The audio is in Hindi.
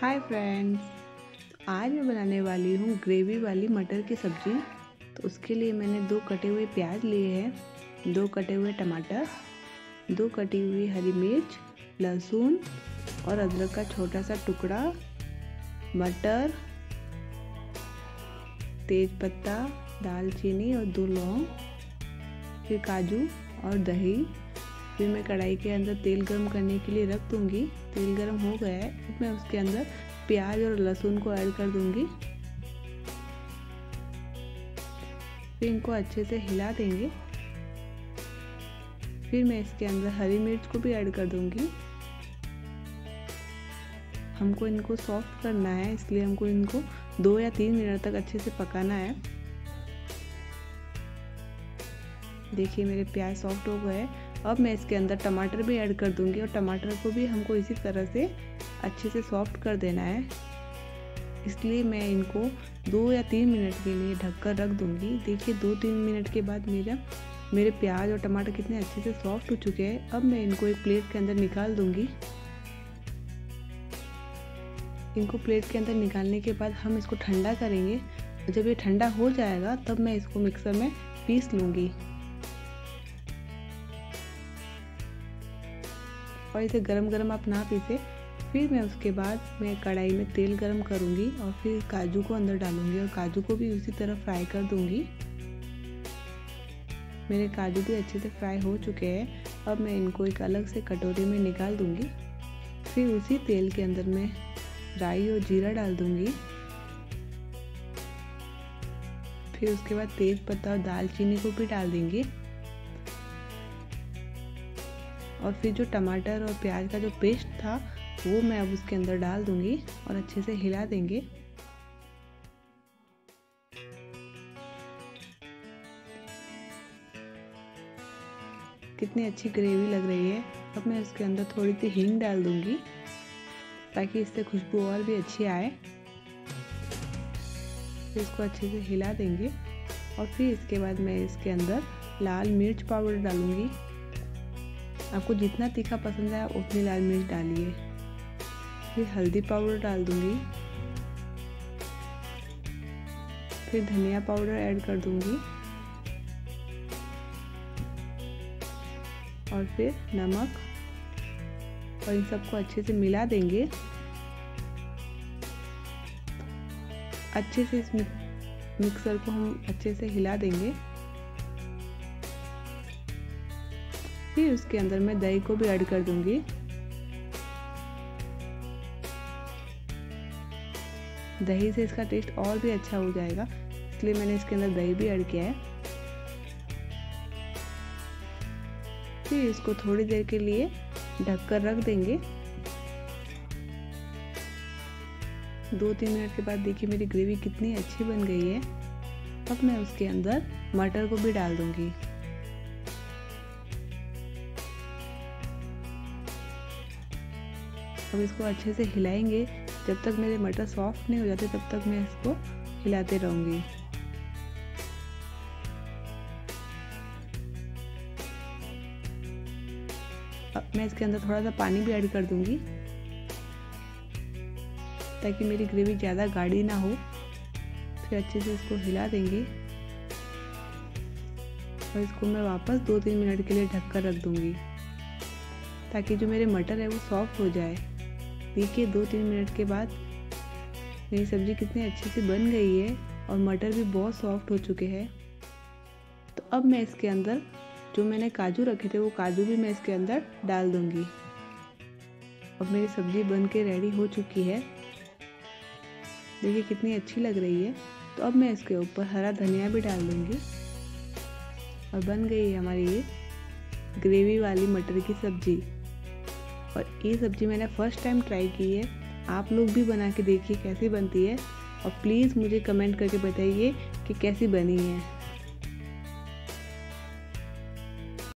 हाय फ्रेंड्स आज मैं बनाने वाली हूँ ग्रेवी वाली मटर की सब्ज़ी तो उसके लिए मैंने दो कटे हुए प्याज लिए हैं दो कटे हुए टमाटर दो कटी हुई हरी मिर्च लहसुन और अदरक का छोटा सा टुकड़ा मटर तेज पत्ता दालचीनी और दो लौंग फिर काजू और दही फिर मैं कढ़ाई के अंदर तेल गर्म करने के लिए रख दूँगी तेल गर्म हो गया है मैं उसके अंदर प्याज और लहसुन को ऐड कर दूँगी फिर इनको अच्छे से हिला देंगे फिर मैं इसके अंदर हरी मिर्च को भी ऐड कर दूँगी हमको इनको सॉफ्ट करना है इसलिए हमको इनको दो या तीन मिनट तक अच्छे से पकाना है देखिए मेरे प्याज सॉफ्ट हो गए अब मैं इसके अंदर टमाटर भी ऐड कर दूंगी और टमाटर को भी हमको इसी तरह से अच्छे से सॉफ्ट कर देना है इसलिए मैं इनको दो या तीन मिनट के लिए ढककर रख दूंगी देखिए दो तीन मिनट के बाद मेरा मेरे प्याज और टमाटर कितने अच्छे से सॉफ्ट हो चुके हैं अब मैं इनको एक प्लेट के अंदर निकाल दूंगी इनको प्लेट के अंदर निकालने के बाद हम इसको ठंडा करेंगे जब ये ठंडा हो जाएगा तब मैं इसको मिक्सर में पीस लूँगी और इसे गरम गरम आप ना पीसे फिर मैं उसके बाद मैं कढ़ाई में तेल गरम करूँगी और फिर काजू को अंदर डालूंगी और काजू को भी उसी तरह फ्राई कर दूंगी मेरे काजू भी अच्छे से फ्राई हो चुके हैं अब मैं इनको एक अलग से कटोरी में निकाल दूँगी फिर उसी तेल के अंदर मैं राई और जीरा डाल दूँगी फिर उसके बाद तेज़ पत्ता और दालचीनी को भी डाल देंगे और फिर जो टमाटर और प्याज का जो पेस्ट था वो मैं अब उसके अंदर डाल दूँगी और अच्छे से हिला देंगे कितनी अच्छी ग्रेवी लग रही है अब मैं उसके अंदर थोड़ी सी हींग डाल दूँगी ताकि इससे खुशबू और भी अच्छी आए इसको अच्छे से हिला देंगे और फिर इसके बाद मैं इसके अंदर लाल मिर्च पाउडर डालूंगी आपको जितना तीखा पसंद है उतनी लाल मिर्च डालिए फिर हल्दी पाउडर डाल दूंगी फिर धनिया पाउडर ऐड कर दूंगी और फिर नमक और इन सबको अच्छे से मिला देंगे अच्छे से इस मिक्सर को हम अच्छे से हिला देंगे फिर उसके अंदर मैं दही को भी ऐड कर दूंगी दही से इसका टेस्ट और भी अच्छा हो जाएगा इसलिए मैंने इसके अंदर दही भी ऐड किया है फिर इसको थोड़ी देर के लिए ढककर रख देंगे दो तीन मिनट के बाद देखिए मेरी ग्रेवी कितनी अच्छी बन गई है अब मैं उसके अंदर मटर को भी डाल दूंगी अब इसको अच्छे से हिलाएंगे जब तक मेरे मटर सॉफ्ट नहीं हो जाते तब तक मैं इसको हिलाते रहूँगी अब मैं इसके अंदर थोड़ा सा पानी भी ऐड कर दूँगी ताकि मेरी ग्रेवी ज़्यादा गाढ़ी ना हो फिर अच्छे से इसको हिला देंगे और इसको मैं वापस दो तीन मिनट के लिए ढककर रख दूँगी ताकि जो मेरे मटर है वो सॉफ्ट हो जाए देखिए दो तीन मिनट के बाद मेरी सब्ज़ी कितनी अच्छे से बन गई है और मटर भी बहुत सॉफ्ट हो चुके हैं तो अब मैं इसके अंदर जो मैंने काजू रखे थे वो काजू भी मैं इसके अंदर डाल दूँगी अब मेरी सब्ज़ी बन के रेडी हो चुकी है देखिए कितनी अच्छी लग रही है तो अब मैं इसके ऊपर हरा धनिया भी डाल दूँगी और बन गई है हमारी ये ग्रेवी वाली मटर की सब्ज़ी और ये सब्ज़ी मैंने फ़र्स्ट टाइम ट्राई की है आप लोग भी बना के देखिए कैसी बनती है और प्लीज़ मुझे कमेंट करके बताइए कि कैसी बनी है